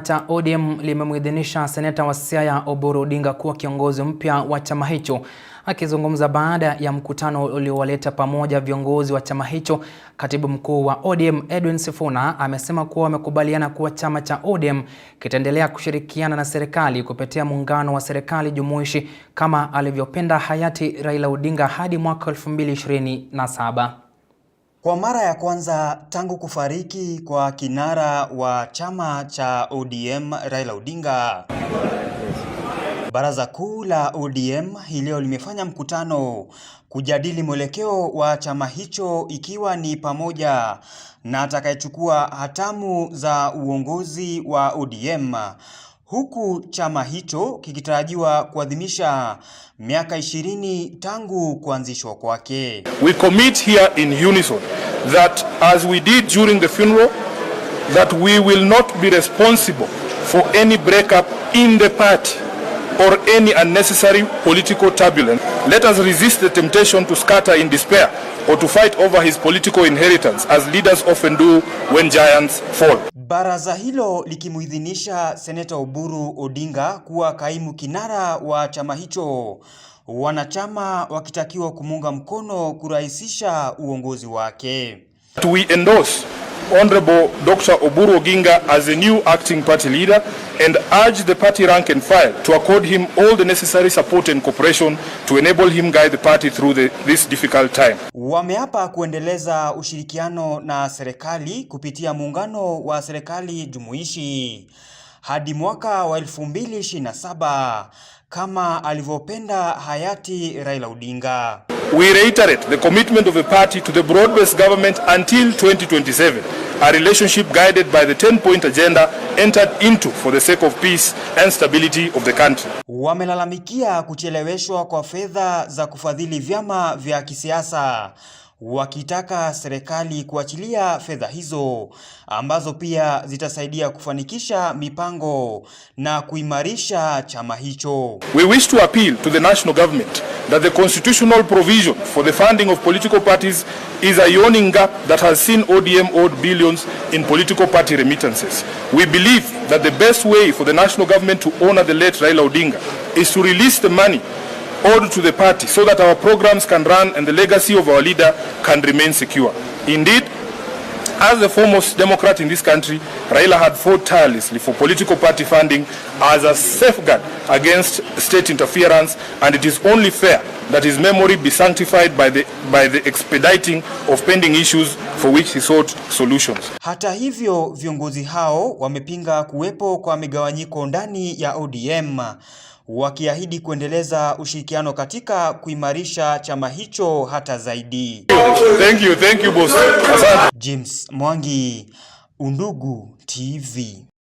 cha ODM limemwidhinisha seneta wa Siaya Oburu Odinga kuwa kiongozi mpya wa chama hicho. Akizungumza baada ya mkutano uliowaleta pamoja viongozi wa chama hicho, katibu mkuu wa ODM Edwin Sifuna amesema kuwa wamekubaliana kuwa chama cha ODM kitaendelea kushirikiana na serikali kupitia muungano wa serikali jumuishi kama alivyopenda hayati Raila Odinga hadi mwaka 2027. Kwa mara ya kwanza tangu kufariki kwa kinara wa chama cha ODM Raila Odinga, Baraza Kuu la ODM hii leo limefanya mkutano kujadili mwelekeo wa chama hicho ikiwa ni pamoja na atakayechukua hatamu za uongozi wa ODM huku chama hicho kikitarajiwa kuadhimisha miaka ishirini tangu kuanzishwa kwake. We commit here in unison that as we did during the funeral that we will not be responsible for any breakup in the party or any unnecessary political turbulence. Let us resist the temptation to scatter in despair or to fight over his political inheritance as leaders often do when giants fall. Baraza hilo likimuidhinisha Seneta Oburu Odinga kuwa kaimu kinara wa chama hicho, wanachama wakitakiwa kumunga mkono kurahisisha uongozi wake. We endorse Honorable Dr. Oburu Oginga as a new acting party leader and urge the party rank and file to accord him all the necessary support and cooperation to enable him guide the party through the, this difficult time. Wameapa kuendeleza ushirikiano na serikali kupitia muungano wa serikali jumuishi hadi mwaka wa 2027 kama alivyopenda hayati Raila Odinga. We reiterate the commitment of the party to the broad-based government until 2027, a relationship guided by the 10-point agenda entered into for the sake of peace and stability of the country. Wamelalamikia kucheleweshwa kwa fedha za kufadhili vyama vya kisiasa wakitaka serikali kuachilia fedha hizo ambazo pia zitasaidia kufanikisha mipango na kuimarisha chama hicho. We wish to appeal to the national government that the constitutional provision for the funding of political parties is a yawning gap that has seen ODM owed billions in political party remittances. We believe that the best way for the national government to honor the late Raila Odinga is to release the money owed to the party so that our programs can run and the legacy of our leader can remain secure. Indeed, As the foremost Democrat in this country, Raila had fought tirelessly for political party funding as a safeguard against state interference, and it is only fair that his memory be sanctified by the, by the expediting of pending issues for which he sought solutions. Hata hivyo, viongozi hao wamepinga kuwepo kwa migawanyiko ndani ya ODM wakiahidi kuendeleza ushirikiano katika kuimarisha chama hicho hata zaidi. Thank you, thank you boss. James Mwangi, Undugu TV.